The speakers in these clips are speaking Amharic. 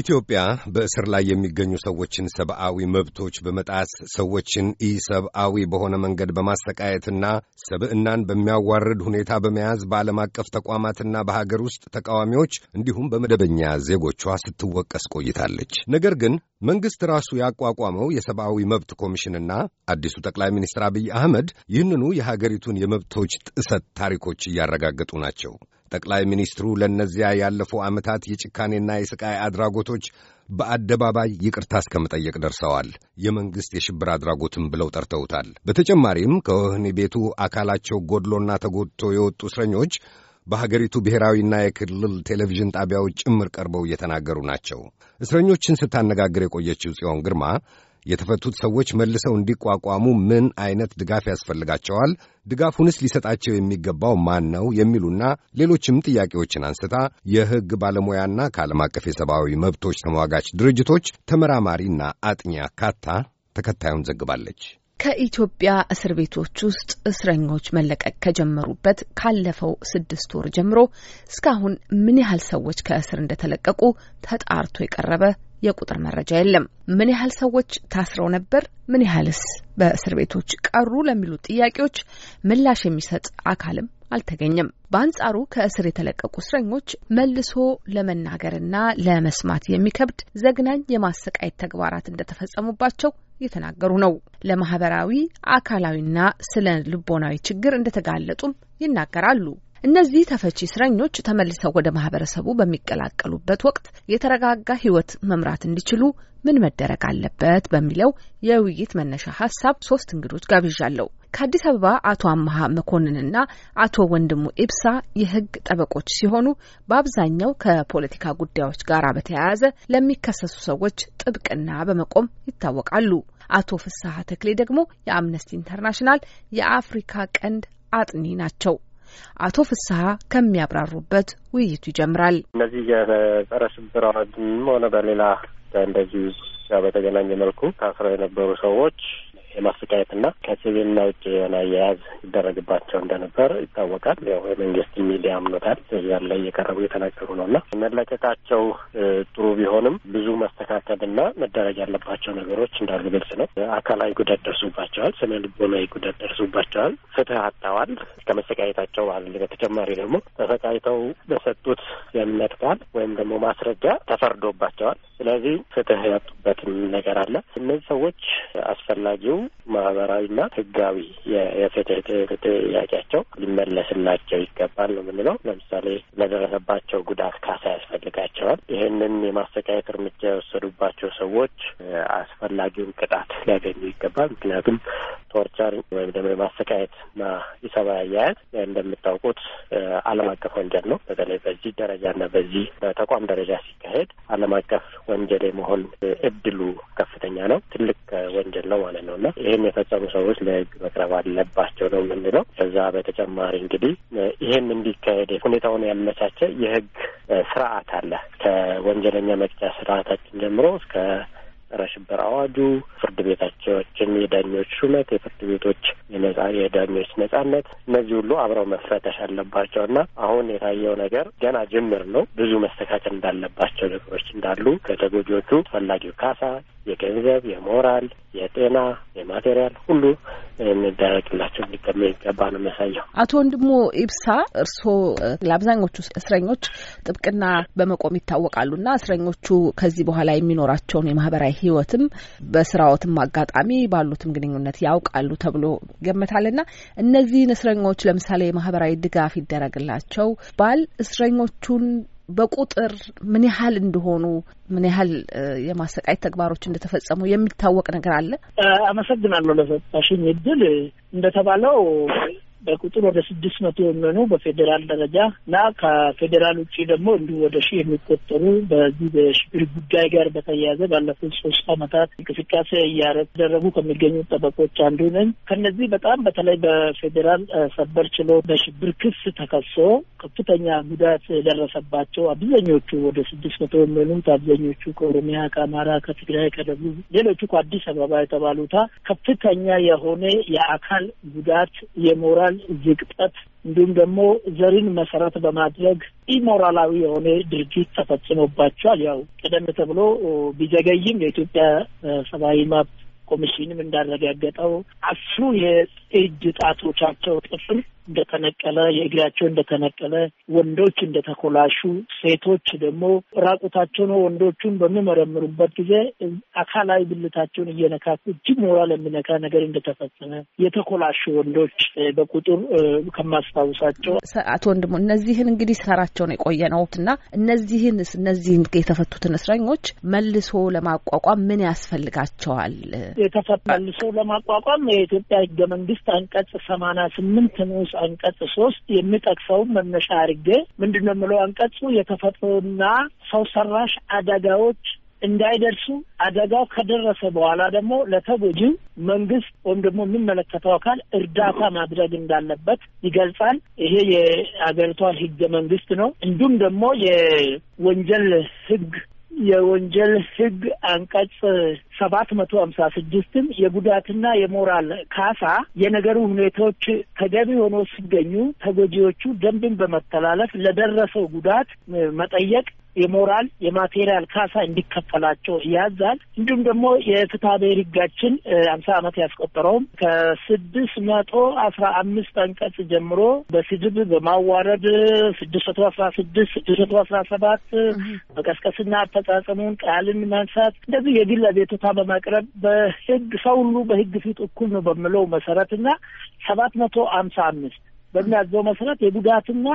ኢትዮጵያ በእስር ላይ የሚገኙ ሰዎችን ሰብአዊ መብቶች በመጣስ ሰዎችን ኢሰብአዊ በሆነ መንገድ በማሰቃየትና ሰብዕናን በሚያዋርድ ሁኔታ በመያዝ በዓለም አቀፍ ተቋማትና በሀገር ውስጥ ተቃዋሚዎች እንዲሁም በመደበኛ ዜጎቿ ስትወቀስ ቆይታለች። ነገር ግን መንግሥት ራሱ ያቋቋመው የሰብአዊ መብት ኮሚሽንና አዲሱ ጠቅላይ ሚኒስትር አብይ አህመድ ይህንኑ የሀገሪቱን የመብቶች ጥሰት ታሪኮች እያረጋገጡ ናቸው። ጠቅላይ ሚኒስትሩ ለእነዚያ ያለፉ ዓመታት የጭካኔና የሥቃይ አድራጎቶች በአደባባይ ይቅርታ እስከ መጠየቅ ደርሰዋል። የመንግሥት የሽብር አድራጎትም ብለው ጠርተውታል። በተጨማሪም ከወህኒ ቤቱ አካላቸው ጎድሎና ተጎድቶ የወጡ እስረኞች በሀገሪቱ ብሔራዊና የክልል ቴሌቪዥን ጣቢያዎች ጭምር ቀርበው እየተናገሩ ናቸው። እስረኞችን ስታነጋግር የቆየችው ጽዮን ግርማ የተፈቱት ሰዎች መልሰው እንዲቋቋሙ ምን አይነት ድጋፍ ያስፈልጋቸዋል? ድጋፉንስ ሊሰጣቸው የሚገባው ማን ነው? የሚሉና ሌሎችም ጥያቄዎችን አንስታ የሕግ ባለሙያና ከዓለም አቀፍ የሰብአዊ መብቶች ተሟጋች ድርጅቶች ተመራማሪና አጥኚ አካታ ተከታዩን ዘግባለች። ከኢትዮጵያ እስር ቤቶች ውስጥ እስረኞች መለቀቅ ከጀመሩበት ካለፈው ስድስት ወር ጀምሮ እስካሁን ምን ያህል ሰዎች ከእስር እንደተለቀቁ ተጣርቶ የቀረበ የቁጥር መረጃ የለም። ምን ያህል ሰዎች ታስረው ነበር? ምን ያህልስ በእስር ቤቶች ቀሩ? ለሚሉት ጥያቄዎች ምላሽ የሚሰጥ አካልም አልተገኘም። በአንጻሩ ከእስር የተለቀቁ እስረኞች መልሶ ለመናገርና ለመስማት የሚከብድ ዘግናኝ የማሰቃየት ተግባራት እንደተፈጸሙባቸው እየተናገሩ ነው። ለማህበራዊ አካላዊና ስነ ልቦናዊ ችግር እንደተጋለጡም ይናገራሉ። እነዚህ ተፈቺ እስረኞች ተመልሰው ወደ ማህበረሰቡ በሚቀላቀሉበት ወቅት የተረጋጋ ህይወት መምራት እንዲችሉ ምን መደረግ አለበት በሚለው የውይይት መነሻ ሀሳብ ሶስት እንግዶች ጋብዣለሁ። ከአዲስ አበባ አቶ አመሀ መኮንንና አቶ ወንድሙ ኢብሳ የህግ ጠበቆች ሲሆኑ በአብዛኛው ከፖለቲካ ጉዳዮች ጋር በተያያዘ ለሚከሰሱ ሰዎች ጥብቅና በመቆም ይታወቃሉ። አቶ ፍስሀ ተክሌ ደግሞ የአምነስቲ ኢንተርናሽናል የአፍሪካ ቀንድ አጥኒ ናቸው። አቶ ፍስሀ ከሚያብራሩበት ውይይቱ ይጀምራል። እነዚህ የጸረ ሽብር አዋጅም ሆነ በሌላ እንደዚህ ብቻ በተገናኘ መልኩ ታስረው የነበሩ ሰዎች የማሰቃየትና ከስብና ውጭ የሆነ አያያዝ ይደረግባቸው እንደነበር ይታወቃል። ያው የመንግስት ሚዲያ አምኖታል። ያን ላይ እየቀረቡ የተናገሩ ነው እና መለቀቃቸው ጥሩ ቢሆንም ብዙ መስተካከልና መደረግ ያለባቸው ነገሮች እንዳሉ ግልጽ ነው። አካላዊ ጉዳት ደርሱባቸዋል። ስነ ልቦናዊ ጉዳት ደርሱባቸዋል። ፍትህ አጥተዋል። ከመሰቃየታቸው በተጨማሪ ደግሞ ተሰቃይተው በሰጡት የእምነት ቃል ወይም ደግሞ ማስረጃ ተፈርዶባቸዋል። ስለዚህ ፍትህ ያጡበትም ነገር አለ። እነዚህ ሰዎች አስፈላጊው ማህበራዊና ህጋዊ የፍትህ ጥያቄያቸው ሊመለስላቸው ይገባል ነው የምንለው። ለምሳሌ ለደረሰባቸው ጉዳት ካሳ ያስፈልጋቸዋል። ይህንን የማሰቃየት እርምጃ የወሰዱባቸው ሰዎች አስፈላጊውን ቅጣት ሊያገኙ ይገባል። ምክንያቱም ቶርቸር ወይም ደግሞ የማሰቃየት እና ኢሰብአዊ አያያዝ እንደምታውቁት ዓለም አቀፍ ወንጀል ነው። በተለይ በዚህ ደረጃና በዚህ በተቋም ደረጃ ሲካሄድ ዓለም አቀፍ ወንጀል የመሆን እድሉ ከፍተኛ ነው። ትልቅ ወንጀል ነው ማለት ነው እና ይህን የፈጸሙ ሰዎች ለህግ መቅረብ አለባቸው ነው የምንለው። ከዛ በተጨማሪ እንግዲህ ይህን እንዲካሄድ ሁኔታውን ያመቻቸ የህግ ስርዓት አለ ከወንጀለኛ መቅጫ ስርዓታችን ጀምሮ እስከ ጸረ ሽብር አዋጁ፣ ፍርድ ቤታቸዎችን፣ የዳኞች ሹመት፣ የፍርድ ቤቶች የነጻ የዳኞች ነጻነት፣ እነዚህ ሁሉ አብረው መፈተሽ አለባቸው እና አሁን የታየው ነገር ገና ጅምር ነው። ብዙ መስተካከል እንዳለባቸው ነገሮች እንዳሉ ከተጎጂዎቹ ፈላጊው ካሳ፣ የገንዘብ፣ የሞራል፣ የጤና፣ የማቴሪያል ሁሉ እንደረግላቸው ሊቀመ ይገባ ነው የሚያሳየው። አቶ ወንድሙ ኢብሳ እርስዎ ለአብዛኞቹ እስረኞች ጥብቅና በመቆም ይታወቃሉና እስረኞቹ ከዚህ በኋላ የሚኖራቸውን የማህበራዊ ህይወትም በስራዎትም አጋጣሚ ባሉትም ግንኙነት ያውቃሉ ተብሎ ይገመታልና እነዚህን እስረኞች ለምሳሌ የማህበራዊ ድጋፍ ይደረግላቸው ባል እስረኞቹን በቁጥር ምን ያህል እንደሆኑ ምን ያህል የማሰቃየት ተግባሮች እንደተፈጸሙ የሚታወቅ ነገር አለ? አመሰግናለሁ ለሰጣሽኝ እድል። እንደተባለው በቁጥር ወደ ስድስት መቶ የሚሆኑ በፌዴራል ደረጃ እና ከፌዴራል ውጭ ደግሞ እንዲሁ ወደ ሺህ የሚቆጠሩ በዚህ በሽብር ጉዳይ ጋር በተያያዘ ባለፉት ሶስት አመታት እንቅስቃሴ እያደረጉ ከሚገኙ ጠበቆች አንዱ ነኝ። ከነዚህ በጣም በተለይ በፌዴራል ሰበር ችሎት በሽብር ክስ ተከሶ ከፍተኛ ጉዳት የደረሰባቸው አብዛኞቹ ወደ ስድስት መቶ የሚሆኑት አብዛኞቹ ከኦሮሚያ፣ ከአማራ፣ ከትግራይ፣ ከደቡብ ሌሎቹ ከአዲስ አበባ የተባሉታ ከፍተኛ የሆነ የአካል ጉዳት የሞራል መገለል፣ ዝቅጠት እንዲሁም ደግሞ ዘርን መሰረት በማድረግ ኢሞራላዊ የሆነ ድርጊት ተፈጽሞባቸዋል። ያው ቀደም ተብሎ ቢዘገይም የኢትዮጵያ ሰብአዊ መብት ኮሚሽንም እንዳረጋገጠው አስሩ የእጅ ጣቶቻቸው ጥፍር እንደተነቀለ፣ የእግራቸው እንደተነቀለ፣ ወንዶች እንደተኮላሹ፣ ሴቶች ደግሞ ራቁታቸውን ወንዶቹን በሚመረምሩበት ጊዜ አካላዊ ብልታቸውን እየነካኩ እጅግ ሞራል የሚነካ ነገር እንደተፈጸመ የተኮላሹ ወንዶች በቁጥር ከማስታውሳቸው አቶ ወንድሞ እነዚህን እንግዲህ ሰራቸውን የቆየ ነውት እና እነዚህን እነዚህን የተፈቱትን እስረኞች መልሶ ለማቋቋም ምን ያስፈልጋቸዋል? የተፈ መልሶ ለማቋቋም የኢትዮጵያ ህገ መንግስት አንቀጽ ሰማንያ ስምንት ንዑስ አንቀጽ ሶስት የሚጠቅሰው መነሻ አድርጌ ምንድን ነው የምለው አንቀጹ የተፈጥሮና ሰው ሰራሽ አደጋዎች እንዳይደርሱ አደጋው ከደረሰ በኋላ ደግሞ ለተጎጂው መንግስት ወይም ደግሞ የሚመለከተው አካል እርዳታ ማድረግ እንዳለበት ይገልጻል። ይሄ የአገሪቷን ህገ መንግስት ነው። እንዲሁም ደግሞ የወንጀል ህግ የወንጀል ህግ አንቀጽ ሰባት መቶ ሀምሳ ስድስትም የጉዳትና የሞራል ካሳ የነገሩ ሁኔታዎች ተገቢ ሆኖ ሲገኙ ተጎጂዎቹ ደንብን በመተላለፍ ለደረሰው ጉዳት መጠየቅ የሞራል የማቴሪያል ካሳ እንዲከፈላቸው ያዛል። እንዲሁም ደግሞ የፍትሐ ብሔር ሕጋችን ሀምሳ ዓመት ያስቆጠረውም ከስድስት መቶ አስራ አምስት አንቀጽ ጀምሮ በስድብ በማዋረድ ስድስት መቶ አስራ ስድስት ስድስት መቶ አስራ ሰባት መቀስቀስና አፈጻጸሙን ቃልን ማንሳት እንደዚህ የግል አቤቱታ በማቅረብ በህግ ሰው ሁሉ በህግ ፊት እኩል ነው በምለው መሰረትና ሰባት መቶ አምሳ አምስት በሚያዘው መሰረት የጉዳትና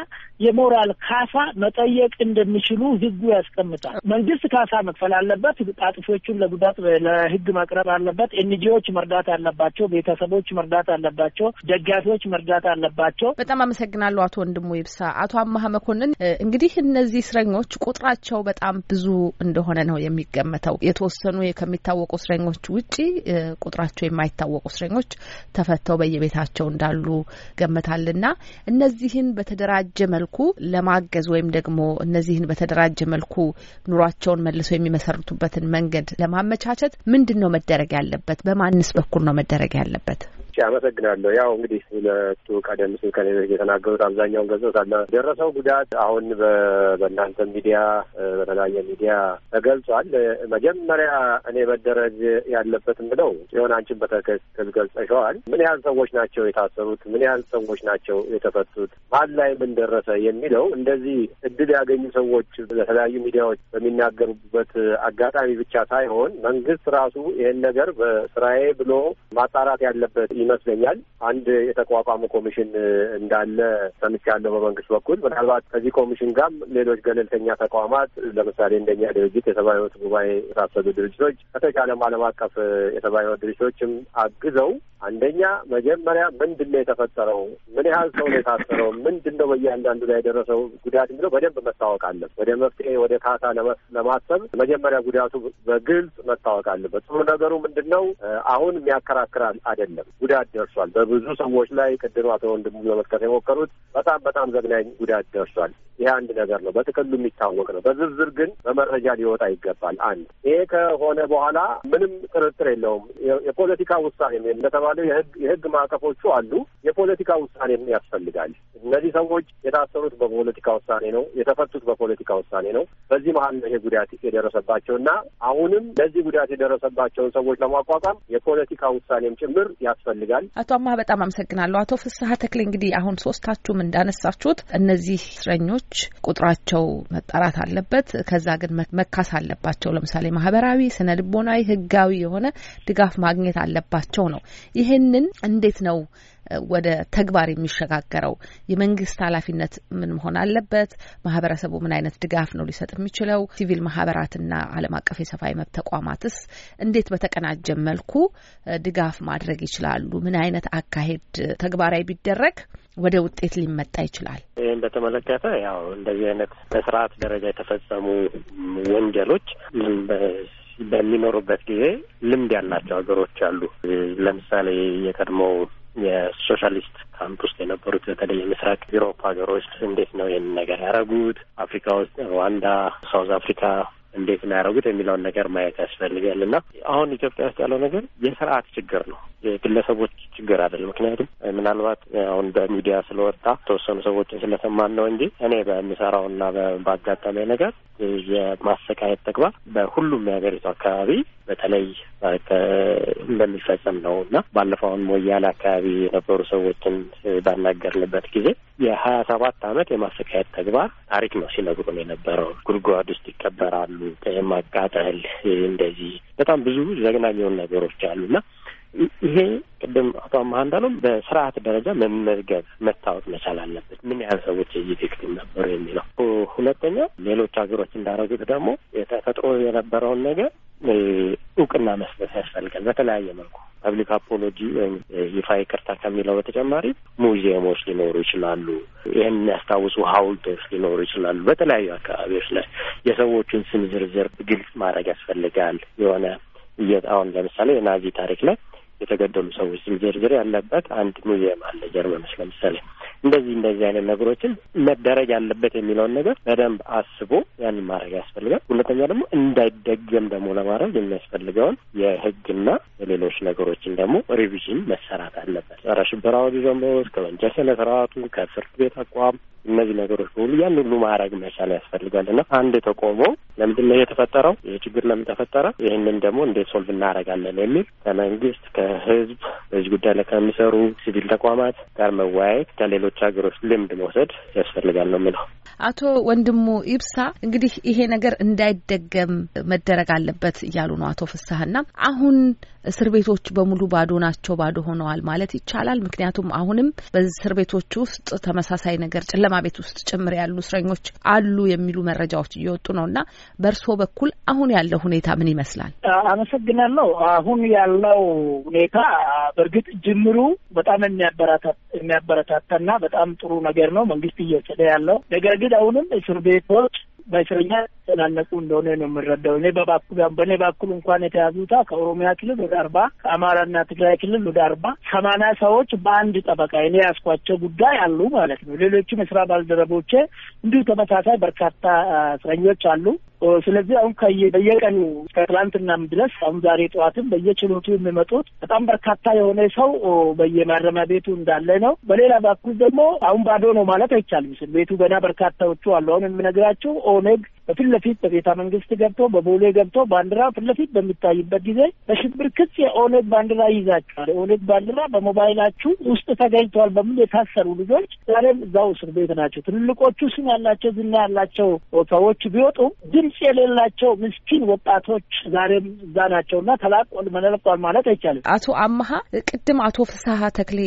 የሞራል ካሳ መጠየቅ እንደሚችሉ ህጉ ያስቀምጣል። መንግስት ካሳ መክፈል አለበት። ጣጥፎቹን ለጉዳት ለህግ መቅረብ አለበት። ኤንጂዎች መርዳት አለባቸው። ቤተሰቦች መርዳት አለባቸው። ደጋፊዎች መርዳት አለባቸው። በጣም አመሰግናለሁ አቶ ወንድሙ ይብሳ። አቶ አማሀ መኮንን፣ እንግዲህ እነዚህ እስረኞች ቁጥራቸው በጣም ብዙ እንደሆነ ነው የሚገመተው። የተወሰኑ ከሚታወቁ እስረኞች ውጪ ቁጥራቸው የማይታወቁ እስረኞች ተፈተው በየቤታቸው እንዳሉ ገመታልና እነዚህን በተደራጀ መልኩ ለማገዝ ወይም ደግሞ እነዚህን በተደራጀ መልኩ ኑሯቸውን መልሰው የሚመሰርቱበትን መንገድ ለማመቻቸት ምንድን ነው መደረግ ያለበት? በማንስ በኩል ነው መደረግ ያለበት? አመሰግናለሁ። ያው እንግዲህ ሁለቱ ቀደም ሲል ከሌሎች የተናገሩት አብዛኛውን ገልጾታል። ደረሰው ጉዳት አሁን በእናንተ ሚዲያ፣ በተለያየ ሚዲያ ተገልጿል። መጀመሪያ እኔ መደረግ ያለበት ምለው ሲሆን አንቺን በትክክል ገልጸሸዋል። ምን ያህል ሰዎች ናቸው የታሰሩት? ምን ያህል ሰዎች ናቸው የተፈቱት? ማን ላይ ምን ደረሰ የሚለው እንደዚህ እድል ያገኙ ሰዎች ለተለያዩ ሚዲያዎች በሚናገሩበት አጋጣሚ ብቻ ሳይሆን መንግስት ራሱ ይህን ነገር በስራዬ ብሎ ማጣራት ያለበት ይመስለኛል። አንድ የተቋቋመ ኮሚሽን እንዳለ ሰምቻለሁ በመንግስት በኩል። ምናልባት ከዚህ ኮሚሽን ጋር ሌሎች ገለልተኛ ተቋማት ለምሳሌ እንደኛ ድርጅት የሰብአዊ መብት ጉባኤ የታሰሉ ድርጅቶች ከተቻለም ዓለም አቀፍ የሰብአዊ መብት ድርጅቶችም አግዘው አንደኛ መጀመሪያ ምንድን ነው የተፈጠረው? ምን ያህል ሰው ነው የታሰረው? ምንድን ነው በእያንዳንዱ ላይ የደረሰው ጉዳት የሚለው በደንብ መታወቅ አለበት። ወደ መፍትሄ ወደ ካሳ ለማሰብ መጀመሪያ ጉዳቱ በግልጽ መታወቅ አለበት። ጥሩ ነገሩ ምንድን ነው? አሁን የሚያከራክር አይደለም። ጉዳት ደርሷል። በብዙ ሰዎች ላይ ቅድም አቶ ወንድሙ ለመጥቀስ የሞከሩት በጣም በጣም ዘግናኝ ጉዳት ደርሷል። ይሄ አንድ ነገር ነው፣ በጥቅሉ የሚታወቅ ነው። በዝርዝር ግን በመረጃ ሊወጣ ይገባል። አንድ ይሄ ከሆነ በኋላ ምንም ጥርጥር የለውም የፖለቲካ ውሳኔም እንደተባለው የህግ ማዕቀፎቹ አሉ። የፖለቲካ ውሳኔም ያስፈልጋል። እነዚህ ሰዎች የታሰሩት በፖለቲካ ውሳኔ ነው፣ የተፈቱት በፖለቲካ ውሳኔ ነው። በዚህ መሀል ነው ይሄ ጉዳት የደረሰባቸው እና አሁንም ለዚህ ጉዳት የደረሰባቸውን ሰዎች ለማቋቋም የፖለቲካ ውሳኔም ጭምር ያስፈልጋል። ያስፈልጋል። አቶ አማ በጣም አመሰግናለሁ። አቶ ፍስሀ ተክሌ እንግዲህ አሁን ሶስታችሁም እንዳነሳችሁት እነዚህ እስረኞች ቁጥራቸው መጣራት አለበት፣ ከዛ ግን መካስ አለባቸው። ለምሳሌ ማህበራዊ፣ ስነ ልቦናዊ፣ ህጋዊ የሆነ ድጋፍ ማግኘት አለባቸው ነው። ይህንን እንዴት ነው ወደ ተግባር የሚሸጋገረው? የመንግስት ኃላፊነት ምን መሆን አለበት? ማህበረሰቡ ምን አይነት ድጋፍ ነው ሊሰጥ የሚችለው? ሲቪል ማህበራትና ዓለም አቀፍ የሰብአዊ መብት ተቋማትስ እንዴት በተቀናጀ መልኩ ድጋፍ ማድረግ ይችላሉ? ምን አይነት አካሄድ ተግባራዊ ቢደረግ ወደ ውጤት ሊመጣ ይችላል? ይህን በተመለከተ ያው እንደዚህ አይነት በስርዓት ደረጃ የተፈጸሙ ወንጀሎች በሚኖሩበት ጊዜ ልምድ ያላቸው ሀገሮች አሉ። ለምሳሌ የቀድሞው የሶሻሊስት ካምፕ ውስጥ የነበሩት በተለይ የምስራቅ ዩሮፕ ሀገሮች እንዴት ነው ይህን ነገር ያደረጉት? አፍሪካ ውስጥ ሩዋንዳ፣ ሳውዝ አፍሪካ እንዴት ነው ያደረጉት የሚለውን ነገር ማየት ያስፈልጋል። እና አሁን ኢትዮጵያ ውስጥ ያለው ነገር የስርዓት ችግር ነው፣ የግለሰቦች ችግር አይደለም። ምክንያቱም ምናልባት አሁን በሚዲያ ስለወጣ የተወሰኑ ሰዎችን ስለሰማን ነው እንጂ እኔ በሚሰራውና ባጋጠመ ነገር የማሰቃየት ተግባር በሁሉም የሀገሪቱ አካባቢ በተለይ እንደሚፈጸም ነው እና ባለፈውን ሞያሌ አካባቢ የነበሩ ሰዎችን ባናገርንበት ጊዜ የሀያ ሰባት አመት የማሰቃየት ተግባር ታሪክ ነው ሲነግሩን የነበረው። ጉድጓድ ውስጥ ይቀበራሉ፣ ማቃጠል፣ እንደዚህ በጣም ብዙ ዘግናኘውን ነገሮች ነገሮች እና ይሄ ቅድም አቶ አማሀ እንዳሉም በስርዓት ደረጃ መመዝገብ መታወቅ መቻል አለበት፣ ምን ያህል ሰዎች የዚህ ቪክቲም ነበሩ የሚለው። ሁለተኛ ሌሎች ሀገሮች እንዳረጉት ደግሞ የተፈጥሮ የነበረውን ነገር እውቅና መስጠት ያስፈልጋል። በተለያየ መልኩ ፐብሊክ አፖሎጂ ወይም ይፋ ይቅርታ ከሚለው በተጨማሪ ሙዚየሞች ሊኖሩ ይችላሉ። ይህን የሚያስታውሱ ሀውልቶች ሊኖሩ ይችላሉ። በተለያዩ አካባቢዎች ላይ የሰዎቹን ስም ዝርዝር ግልጽ ማድረግ ያስፈልጋል። የሆነ አሁን ለምሳሌ የናዚ ታሪክ ላይ የተገደሉ ሰዎች ዝርዝር ያለበት አንድ ሙዚየም አለ ጀርመን ውስጥ ለምሳሌ። እንደዚህ እንደዚህ አይነት ነገሮችን መደረግ ያለበት የሚለውን ነገር በደንብ አስቦ ያንን ማድረግ ያስፈልጋል። ሁለተኛ ደግሞ እንዳይደገም ደግሞ ለማድረግ የሚያስፈልገውን የህግና ሌሎች ነገሮችን ደግሞ ሪቪዥን መሰራት አለበት። ጸረ ሽብር አዋጁ ጀምሮ እስከ ወንጀል ስነ ስርዓቱ ከፍርድ ቤት አቋም እነዚህ ነገሮች በሁሉ ያን ሁሉ ማዕረግ መቻል ያስፈልጋል እና አንድ ተቆሞ ለምንድን ነው የተፈጠረው? ይህ ችግር ለምን ተፈጠረ? ይህንን ደግሞ እንዴት ሶልቭ እናደርጋለን የሚል ከመንግስት ከህዝብ፣ በዚህ ጉዳይ ላይ ከሚሰሩ ሲቪል ተቋማት ጋር መወያየት፣ ከሌሎች ሀገሮች ልምድ መውሰድ ያስፈልጋል ነው የሚለው አቶ ወንድሙ ኢብሳ እንግዲህ ይሄ ነገር እንዳይደገም መደረግ አለበት እያሉ ነው አቶ ፍስሀና። አሁን እስር ቤቶች በሙሉ ባዶ ናቸው፣ ባዶ ሆነዋል ማለት ይቻላል። ምክንያቱም አሁንም በእስር ቤቶች ውስጥ ተመሳሳይ ነገር ጨለማ ቤት ውስጥ ጭምር ያሉ እስረኞች አሉ የሚሉ መረጃዎች እየወጡ ነው እና በእርስዎ በኩል አሁን ያለው ሁኔታ ምን ይመስላል? አመሰግናለሁ። አሁን ያለው ሁኔታ በእርግጥ ጅምሩ በጣም የሚያበረታታና በጣም ጥሩ ነገር ነው መንግስት እየወሰደ ያለው ነገር ግን ግን አሁንም እስር ቤቶች በእስረኛ ተናነቁ እንደሆነ ነው የምረዳው። እኔ በባኩል በእኔ ባኩል እንኳን የተያዙታ ከኦሮሚያ ክልል ወደ አርባ ከአማራና ትግራይ ክልል ወደ አርባ ሰማንያ ሰዎች በአንድ ጠበቃ እኔ ያስኳቸው ጉዳይ አሉ ማለት ነው። ሌሎችም የስራ ባልደረቦቼ እንዲሁ ተመሳሳይ በርካታ እስረኞች አሉ። ስለዚህ አሁን ከየ በየቀኑ እስከ ትላንትናም ድረስ አሁን ዛሬ ጠዋትም በየችሎቱ የሚመጡት በጣም በርካታ የሆነ ሰው በየማረሚያ ቤቱ እንዳለ ነው። በሌላ በኩል ደግሞ አሁን ባዶ ነው ማለት አይቻልም። እስር ቤቱ ገና በርካታዎቹ አሉ። አሁን የምነግራቸው ኦነግ በፊት ለፊት በቤተ መንግስት ገብቶ በቦሌ ገብቶ ባንዲራ ፊት ለፊት በሚታይበት ጊዜ በሽብር ክስ የኦነግ ባንዲራ ይዛችኋል፣ የኦነግ ባንዲራ በሞባይላችሁ ውስጥ ተገኝተዋል በሚል የታሰሩ ልጆች ዛሬም እዛው እስር ቤት ናቸው። ትልልቆቹ ስም ያላቸው ዝና ያላቸው ሰዎች ቢወጡም ድምፅ የሌላቸው ምስኪን ወጣቶች ዛሬም እዛ ናቸው እና ተላቆ መለቋል ማለት አይቻልም። አቶ አመሀ ቅድም አቶ ፍስሀ ተክሌ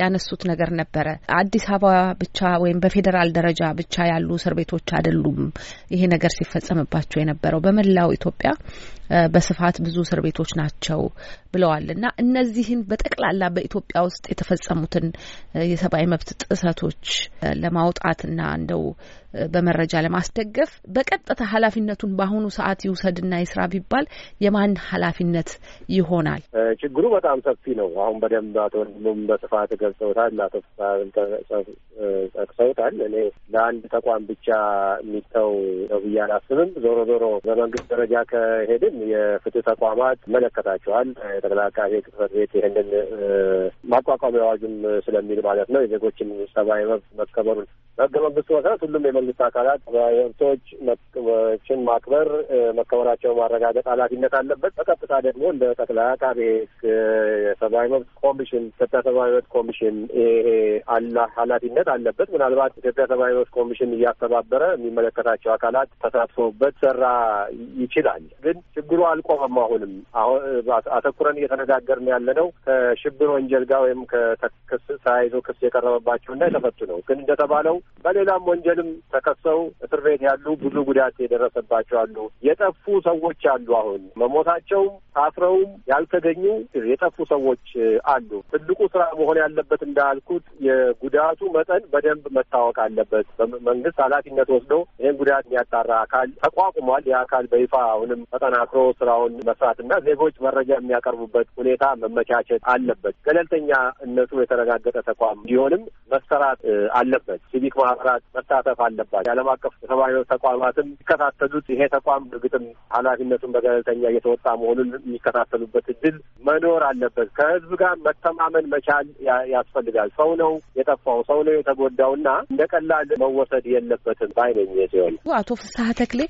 ያነሱት ነገር ነበረ። አዲስ አበባ ብቻ ወይም በፌዴራል ደረጃ ብቻ ያሉ እስር ቤቶች አይደሉም ይሄ ነገር ሲፈጸምባቸው የነበረው በመላው ኢትዮጵያ በስፋት ብዙ እስር ቤቶች ናቸው ብለዋል እና እነዚህን በጠቅላላ በኢትዮጵያ ውስጥ የተፈጸሙትን የሰብአዊ መብት ጥሰቶች ለማውጣትና እንደው በመረጃ ለማስደገፍ በቀጥታ ኃላፊነቱን በአሁኑ ሰዓት ይውሰድና ይስራ ቢባል የማን ኃላፊነት ይሆናል? ችግሩ በጣም ሰፊ ነው። አሁን በደንብ አቶ ወንድሙም በስፋት ገልጸውታል፣ አቶ ጠቅሰውታል። እኔ ለአንድ ተቋም ብቻ የሚተው ነው ብዬ አላስብም። ዞሮ ዞሮ በመንግስት ደረጃ ከሄድን የፍትህ ተቋማት ይመለከታቸዋል። ጠቅላይ አቃቤ ጽሕፈት ቤት ይህንን ማቋቋሚ አዋጁም ስለሚል ማለት ነው የዜጎችን ሰብአዊ መብት መከበሩን በህገ መንግስቱ መሰረት ሁሉም የመንግስት አካላት መብቶችን ማክበር መከበራቸው ማረጋገጥ ኃላፊነት አለበት። በቀጥታ ደግሞ እንደ ጠቅላይ አቃቤ የሰብአዊ መብት ኮሚሽን ኢትዮጵያ ሰብአዊ መብት ኮሚሽን ይሄ ኃላፊነት አለበት። ምናልባት ኢትዮጵያ ሰብአዊ መብት ኮሚሽን እያስተባበረ የሚመለከታቸው አካላት ተሳትፎበት ሰራ ይችላል። ግን ችግሩ አልቆመም። አሁንም አሁን አተኩረን እየተነጋገርን ያለ ነው ከሽብር ወንጀል ጋር ወይም ተያይዞ ክስ የቀረበባቸውና የተፈቱ ነው። ግን እንደተባለው በሌላም ወንጀልም ተከሰው እስር ቤት ያሉ ብዙ ጉዳት የደረሰባቸው አሉ። የጠፉ ሰዎች አሉ። አሁን መሞታቸውም ታስረውም ያልተገኙ የጠፉ ሰዎች አሉ። ትልቁ ስራ መሆን ያለበት እንዳልኩት የጉዳቱ መጠን በደንብ መታወቅ አለበት። መንግስት ኃላፊነት ወስዶ ይህን ጉዳት የሚያጣራ አካል ተቋቁሟል። ይህ አካል በይፋ አሁንም ተጠናክሮ ስራውን መስራትና ዜጎች መረጃ የሚያቀርቡበት ሁኔታ መመቻቸት አለበት። ገለልተኛነቱ የተረጋገጠ ተቋም እንዲሆንም መሰራት አለበት። ሲቪክ ማህበራት መሳተፍ አለበት። አለባቸው። የዓለም አቀፍ ሰብአዊ መብት ተቋማትም የሚከታተሉት ይሄ ተቋም እርግጥም ኃላፊነቱን በገለልተኛ እየተወጣ መሆኑን የሚከታተሉበት እድል መኖር አለበት። ከህዝብ ጋር መተማመን መቻል ያስፈልጋል። ሰው ነው የጠፋው፣ ሰው ነው የተጎዳው እና እንደ ቀላል መወሰድ የለበትም ባይነኝ ሲሆን አቶ ፍስሀ ተክሌ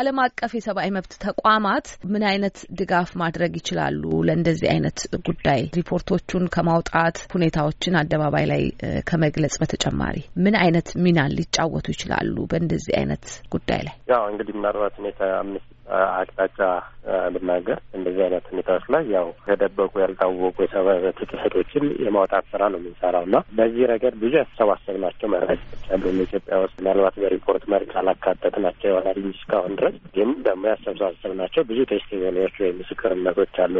ዓለም አቀፍ የሰብአዊ መብት ተቋማት ምን አይነት ድጋፍ ማድረግ ይችላሉ? ለእንደዚህ አይነት ጉዳይ ሪፖርቶቹን ከማውጣት ሁኔታዎችን አደባባይ ላይ ከመግለጽ በተጨማሪ ምን አይነት ሚና ሊጫወቱ ይችላሉ? ይፈልጋሉ በእንደዚህ አይነት ጉዳይ ላይ? ያው እንግዲህ ምናልባት እኔ ከአምስት አቅጣጫ ልናገር እንደዚህ አይነት ሁኔታዎች ላይ ያው የተደበቁ ያልታወቁ የሰብአዊ መብት ጥሰቶችን የማውጣት ስራ ነው የምንሰራው እና በዚህ ረገድ ብዙ ያሰባሰብናቸው መረጃዎች አሉ። ኢትዮጵያ ውስጥ ምናልባት በሪፖርት መልክ አላካተትናቸው ይሆናል እንጂ እስካሁን ድረስ ግን ደግሞ ያሰባሰብናቸው ብዙ ቴስቲሞኒዎች ወይም ምስክርነቶች አሉ።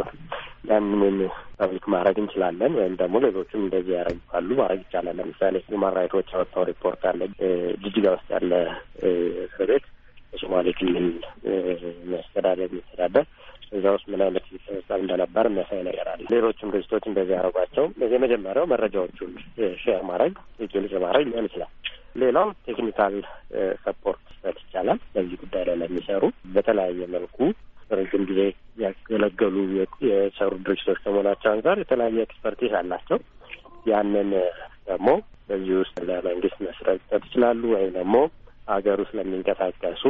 ያንንም ፐብሊክ ማድረግ እንችላለን ወይም ደግሞ ሌሎችም እንደዚህ ያደረጋሉ ማድረግ ይቻላል። ለምሳሌ ሁማን ራይቶች ያወጣው ሪፖርት አለ። ጅጅጋ ውስጥ ያለ እስር ቤት በሶማሌ ክልል መስተዳደር የሚተዳደር እዛ ውስጥ ምን አይነት ሲፈጸም እንደነበር የሚያሳይ ነገር አለ። ሌሎችም ድርጅቶች እንደዚህ ያደረጓቸው የመጀመሪያው መረጃዎቹን ሼር ማድረግ ሊግል ማድረግ ሊሆን ይችላል። ሌላው ቴክኒካል ሰፖርት ሰጥ ይቻላል። በዚህ ጉዳይ ላይ ለሚሰሩ በተለያየ መልኩ ረጅም ጊዜ ያገለገሉ የሰሩ ድርጅቶች ከመሆናቸው አንጻር የተለያየ ኤክስፐርቲዝ አላቸው። ያንን ደግሞ በዚህ ውስጥ ለመንግስት መስረት ይችላሉ ወይም ደግሞ ሀገር ውስጥ ለሚንቀሳቀሱ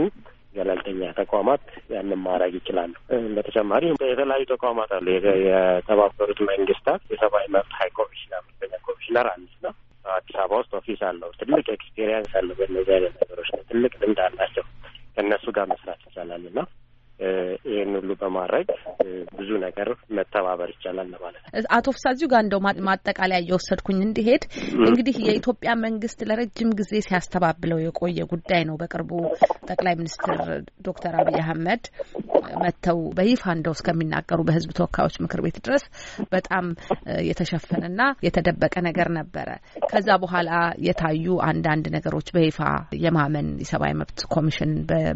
ገለልተኛ ተቋማት ያንን ማድረግ ይችላሉ። በተጨማሪ የተለያዩ ተቋማት አሉ። የተባበሩት መንግስታት የሰብአዊ መብት ሀይ ኮሚሽነር አምስተኛ ኮሚሽነር አንድ ነው። አዲስ አበባ ውስጥ ኦፊስ አለው። ትልቅ ኤክስፔሪንስ አለው። በእነዚህ አይነት ነገሮች ነው። ትልቅ ልምድ አላቸው። ከእነሱ ጋር መስራት ይቻላል እና ይህን ሁሉ በማድረግ ብዙ ነገር መተባበር ይቻላል ለማለት ነው። አቶ ፍሳ እዚሁ ጋር እንደው ማጠቃለያ እየወሰድኩኝ እንዲሄድ እንግዲህ የኢትዮጵያ መንግስት ለረጅም ጊዜ ሲያስተባብለው የቆየ ጉዳይ ነው። በቅርቡ ጠቅላይ ሚኒስትር ዶክተር አብይ አህመድ መጥተው በይፋ እንደው እስከሚናገሩ በህዝብ ተወካዮች ምክር ቤት ድረስ በጣም የተሸፈነና የተደበቀ ነገር ነበረ። ከዛ በኋላ የታዩ አንዳንድ ነገሮች በይፋ የማመን የሰብአዊ መብት ኮሚሽን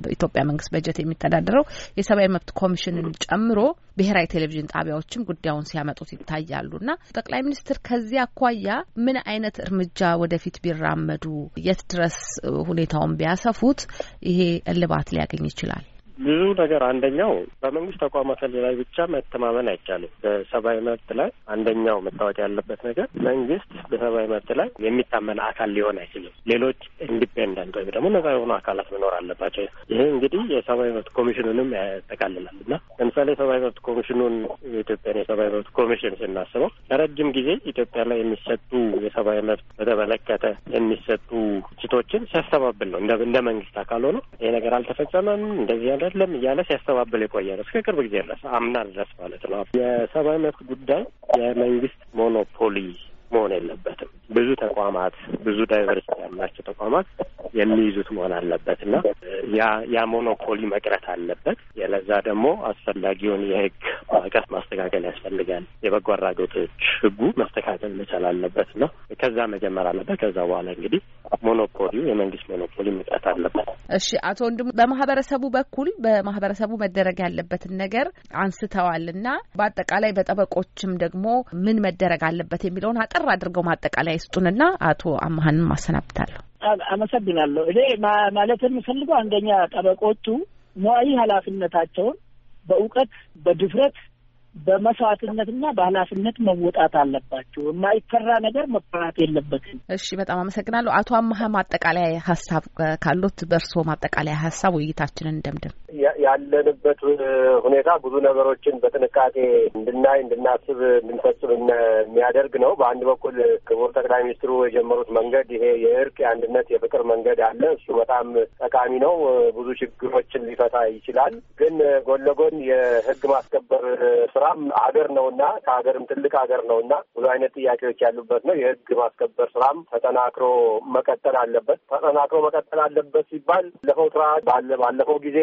በኢትዮጵያ መንግስት በጀት የሚተዳደረው የሰብአዊ መብት ኮሚሽንን ጨምሮ ብሔራዊ ቴሌቪዥን ጣቢያዎችም ጉዳዩን ሲያመጡት ይታያሉና ጠቅላይ ሚኒስትር ከዚህ አኳያ ምን አይነት እርምጃ ወደፊት ቢራመዱ የት ድረስ ሁኔታውን ቢያሰፉት ይሄ እልባት ሊያገኝ ይችላል? ብዙ ነገር አንደኛው በመንግስት ተቋማት ላይ ብቻ መተማመን አይቻልም። በሰብአዊ መብት ላይ አንደኛው መታወቅ ያለበት ነገር መንግስት በሰብአዊ መብት ላይ የሚታመን አካል ሊሆን አይችልም። ሌሎች ኢንዲፔንደንት ወይም ደግሞ ነጻ የሆኑ አካላት መኖር አለባቸው። ይህ እንግዲህ የሰብአዊ መብት ኮሚሽኑንም ያጠቃልላል እና ለምሳሌ የሰብአዊ መብት ኮሚሽኑን የኢትዮጵያን የሰብአዊ መብት ኮሚሽን ስናስበው ለረጅም ጊዜ ኢትዮጵያ ላይ የሚሰጡ የሰብአዊ መብት በተመለከተ የሚሰጡ ችቶችን ሲያስተባብል ነው እንደ መንግስት አካል ሆኖ ይሄ ነገር አልተፈጸመም እንደዚህ ያለ አይደለም እያለ ሲያስተባብል የቆየ ነው እስከ ቅርብ ጊዜ ድረስ አምና ድረስ ማለት ነው። የሰብአዊ መብት ጉዳይ የመንግስት ሞኖፖሊ መሆን የለበትም። ብዙ ተቋማት ብዙ ዳይቨርሲቲ ያላቸው ተቋማት የሚይዙት መሆን አለበት እና ያ ያ ሞኖፖሊ መቅረት አለበት። ለዛ ደግሞ አስፈላጊውን የህግ ማዕቀፍ ማስተካከል ያስፈልጋል። የበጎ አድራጎቶች ህጉ መስተካከል መቻል አለበት እና ከዛ መጀመር አለበት። ከዛ በኋላ እንግዲህ ሞኖፖሊ የመንግስት ሞኖፖሊ መቅረት አለበት። እሺ አቶ ወንድሙ በማህበረሰቡ በኩል በማህበረሰቡ መደረግ ያለበትን ነገር አንስተዋል እና በአጠቃላይ በጠበቆችም ደግሞ ምን መደረግ አለበት የሚለውን አጠር አድርገው ማጠቃላይ ይስጡንና አቶ አመሀንም አሰናብታለሁ። አመሰግናለሁ። እኔ ማለት የምፈልገው አንደኛ ጠበቆቹ ሙያዊ ኃላፊነታቸውን በእውቀት በድፍረት በመስዋዕትነትና በኃላፊነት መወጣት አለባቸው። የማይፈራ ነገር መፈራት የለበትም። እሺ፣ በጣም አመሰግናለሁ። አቶ አመሀ ማጠቃለያ ሀሳብ ካሉት በእርስዎ ማጠቃለያ ሀሳብ ውይይታችንን እንደምድም። ያለንበት ሁኔታ ብዙ ነገሮችን በጥንቃቄ እንድናይ፣ እንድናስብ፣ እንድንፈጽም የሚያደርግ ነው። በአንድ በኩል ክቡር ጠቅላይ ሚኒስትሩ የጀመሩት መንገድ ይሄ የእርቅ የአንድነት፣ የፍቅር መንገድ አለ። እሱ በጣም ጠቃሚ ነው። ብዙ ችግሮችን ሊፈታ ይችላል። ግን ጎን ለጎን የህግ ማስከበር ስራም ሀገር ነውና ከሀገርም ትልቅ ሀገር ነውና ብዙ አይነት ጥያቄዎች ያሉበት ነው። የህግ ማስከበር ስራም ተጠናክሮ መቀጠል አለበት። ተጠናክሮ መቀጠል አለበት ሲባል ባለፈው ስራ ባለፈው ጊዜ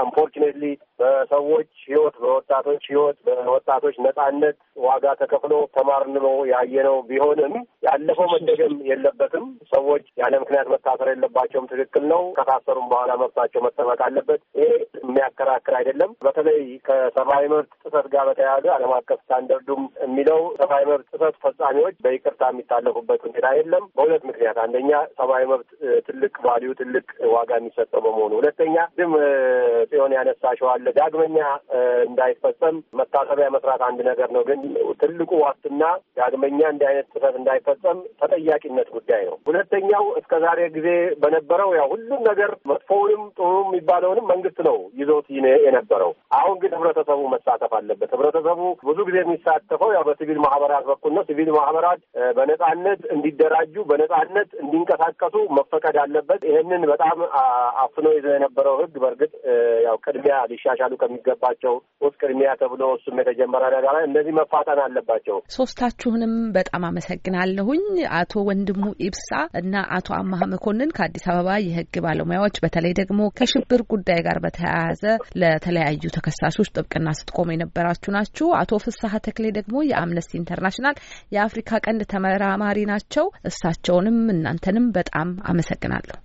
አንፎርችኔትሊ በሰዎች ህይወት፣ በወጣቶች ህይወት፣ በወጣቶች ነጻነት ዋጋ ተከፍሎ ተማርን ነው ያየነው። ቢሆንም ያለፈው መደገም የለበትም። ሰዎች ያለ ምክንያት መታሰር የለባቸውም። ትክክል ነው። ከታሰሩም በኋላ መብታቸው መጠበቅ አለበት። ይሄ የሚያከራክር አይደለም። በተለይ ከሰብአዊ መብት ጥሰ መብት ጋር በተያያዘ ዓለም አቀፍ ስታንደርዱም የሚለው ሰብአዊ መብት ጥሰት ፈጻሚዎች በይቅርታ የሚታለፉበት ሁኔታ የለም። በሁለት ምክንያት፣ አንደኛ ሰብአዊ መብት ትልቅ ቫሊዩ ትልቅ ዋጋ የሚሰጠው በመሆኑ፣ ሁለተኛ ዝም ጽዮን ያነሳሸዋለ ዳግመኛ እንዳይፈጸም መታሰቢያ መስራት አንድ ነገር ነው። ግን ትልቁ ዋስትና ዳግመኛ እንዲህ አይነት ጥሰት እንዳይፈጸም ተጠያቂነት ጉዳይ ነው። ሁለተኛው እስከ ዛሬ ጊዜ በነበረው ያው ሁሉም ነገር መጥፎውንም ጥሩ የሚባለውንም መንግስት ነው ይዞት የነበረው። አሁን ግን ህብረተሰቡ መሳተፍ አለ አለበት። ህብረተሰቡ ብዙ ጊዜ የሚሳተፈው ያው በሲቪል ማህበራት በኩል ነው። ሲቪል ማህበራት በነጻነት እንዲደራጁ፣ በነጻነት እንዲንቀሳቀሱ መፈቀድ አለበት። ይህንን በጣም አፍኖ ይዞ የነበረው ህግ በእርግጥ ያው ቅድሚያ ሊሻሻሉ ከሚገባቸው ውስጥ ቅድሚያ ተብሎ እሱም የተጀመረ ነገር እነዚህ መፋጠን አለባቸው። ሶስታችሁንም በጣም አመሰግናለሁኝ። አቶ ወንድሙ ኢብሳ እና አቶ አማህ መኮንን ከአዲስ አበባ የህግ ባለሙያዎች በተለይ ደግሞ ከሽብር ጉዳይ ጋር በተያያዘ ለተለያዩ ተከሳሾች ጥብቅና ስትቆም የነበረ የነበራችሁ ናችሁ። አቶ ፍስሀ ተክሌ ደግሞ የአምነስቲ ኢንተርናሽናል የአፍሪካ ቀንድ ተመራማሪ ናቸው። እሳቸውንም እናንተንም በጣም አመሰግናለሁ።